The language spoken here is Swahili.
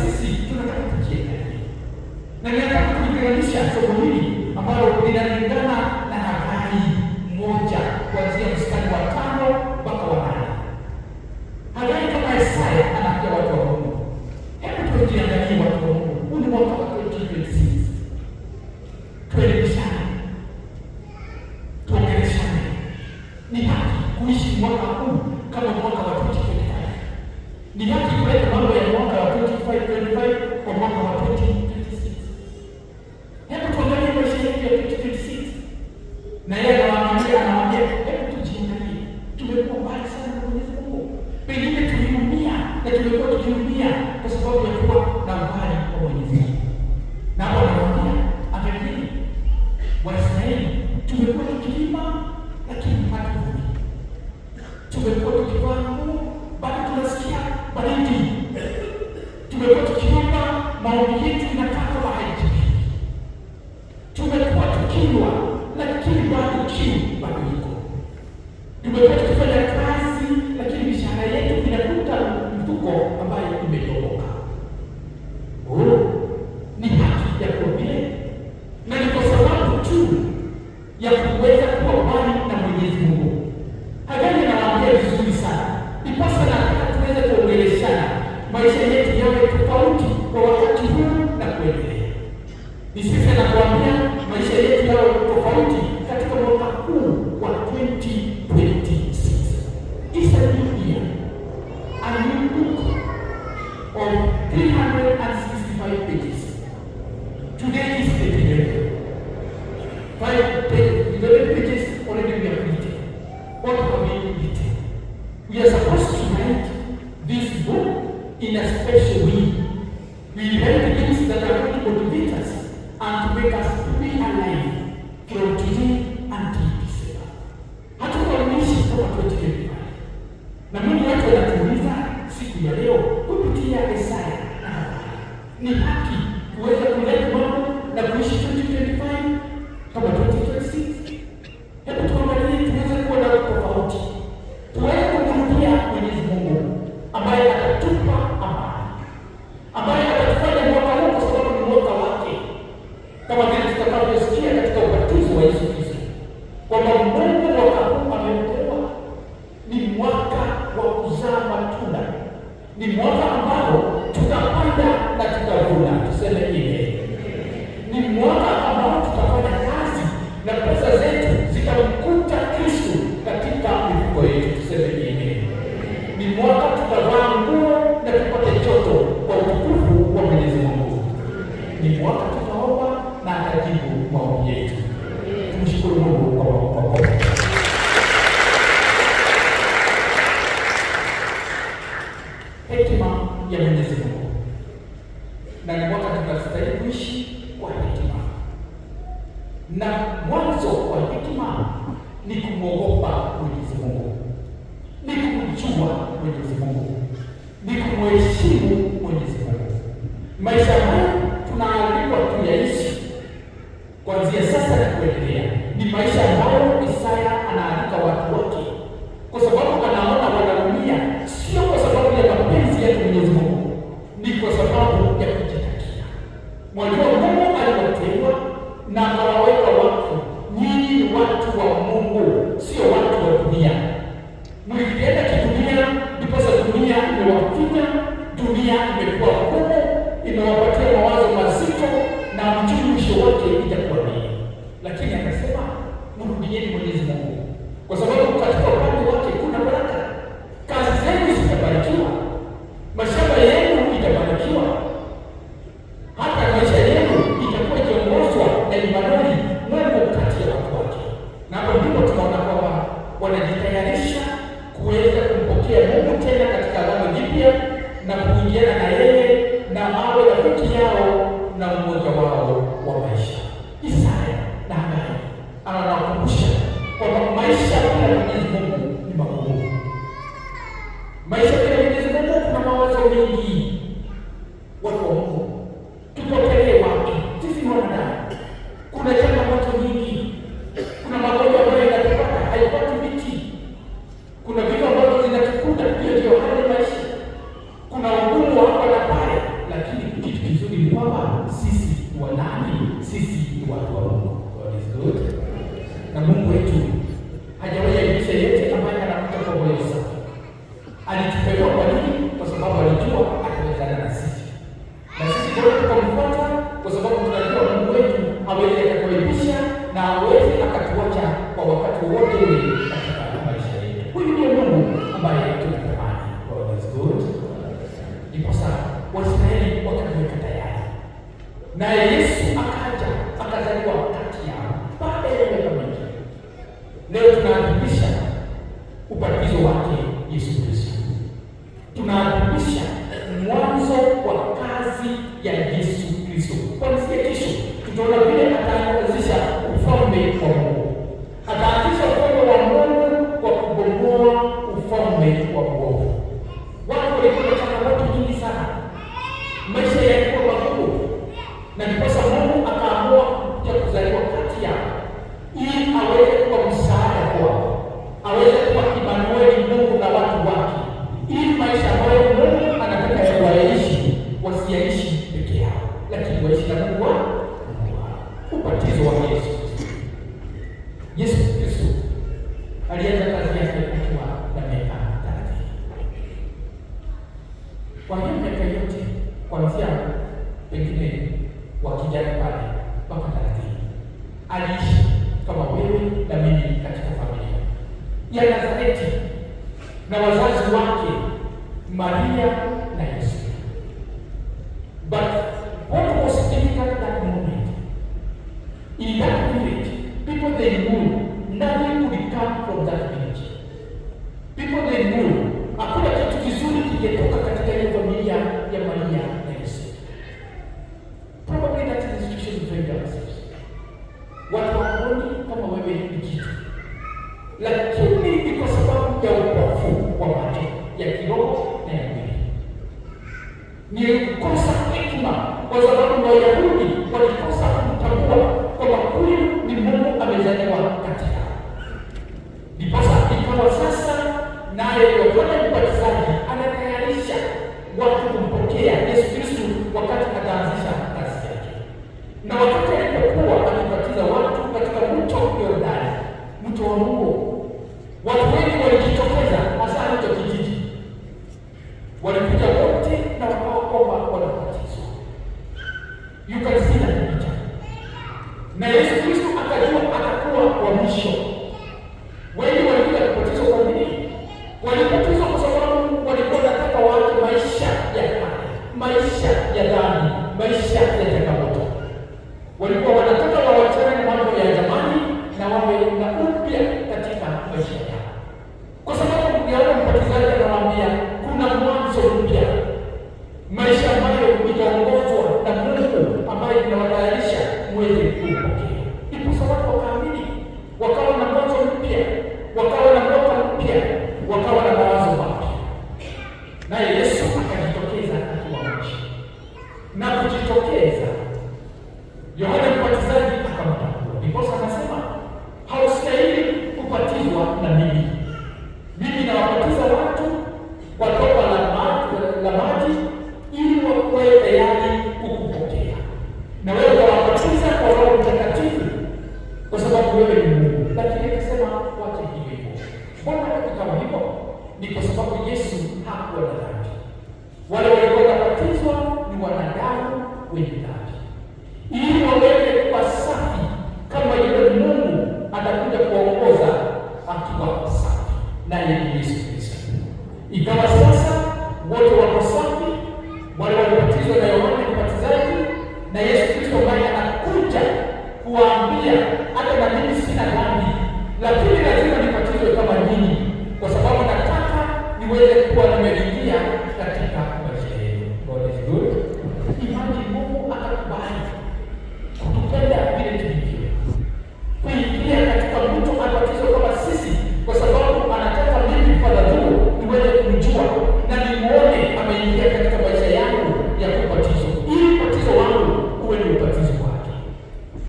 sisi tunataka tujiangalie na nataka kujipiganisha somo hili ambalo linalingana na detail. We are supposed to write this book in a special way. We write things that are going to motivate us and to make us feel alive from today until December. Hata unaonyesha kutoka 2025. Na Mungu wetu anatuuliza siku ya leo kupitia Isaya na Habari. Ni hapa wote tutaomba na atajibu maombi yetu. Tumshukuru Mungu kwa maombi Hekima ya Mwenyezi Mungu na ni mwaka tunastahili kuishi kwa hekima, na mwanzo wa hekima ni kumwogopa Mwenyezi Mungu, ni kumjua Mwenyezi Mungu, ni kumheshimu Mwenyezi Mungu maisha wamekuja, dunia imekuwa ngumu, imewapatia mawazo I don't know. alipelekwa kwa nini? Kwa sababu alijua atawezana na sisi, na sisi bora tukamfuata, kwa sababu tunajua Mungu wetu aweze akatuelimisha na aweze akatuacha kwa wakati wowote ule katika maisha yetu. Huyu ndiye Mungu ambaye tunatamani. Ndipo sasa Waisraeli wakaweka tayari naye Yesu Kwa hiyo katika yote, kuanzia pengine wakijani pale Yeah. maisha ya dhani, maisha ya dhani. ni kwa sababu Yesu hakuwa na dhambi. Wale walikuwa wanabatizwa ni wanadamu wenye dhambi, ili waweze kuwa safi kama yule Mungu atakuja kuongoza akiwa safi, naye ni Yesu Kristo. Ikawa sasa wote wako safi, wale walibatizwa na Yohana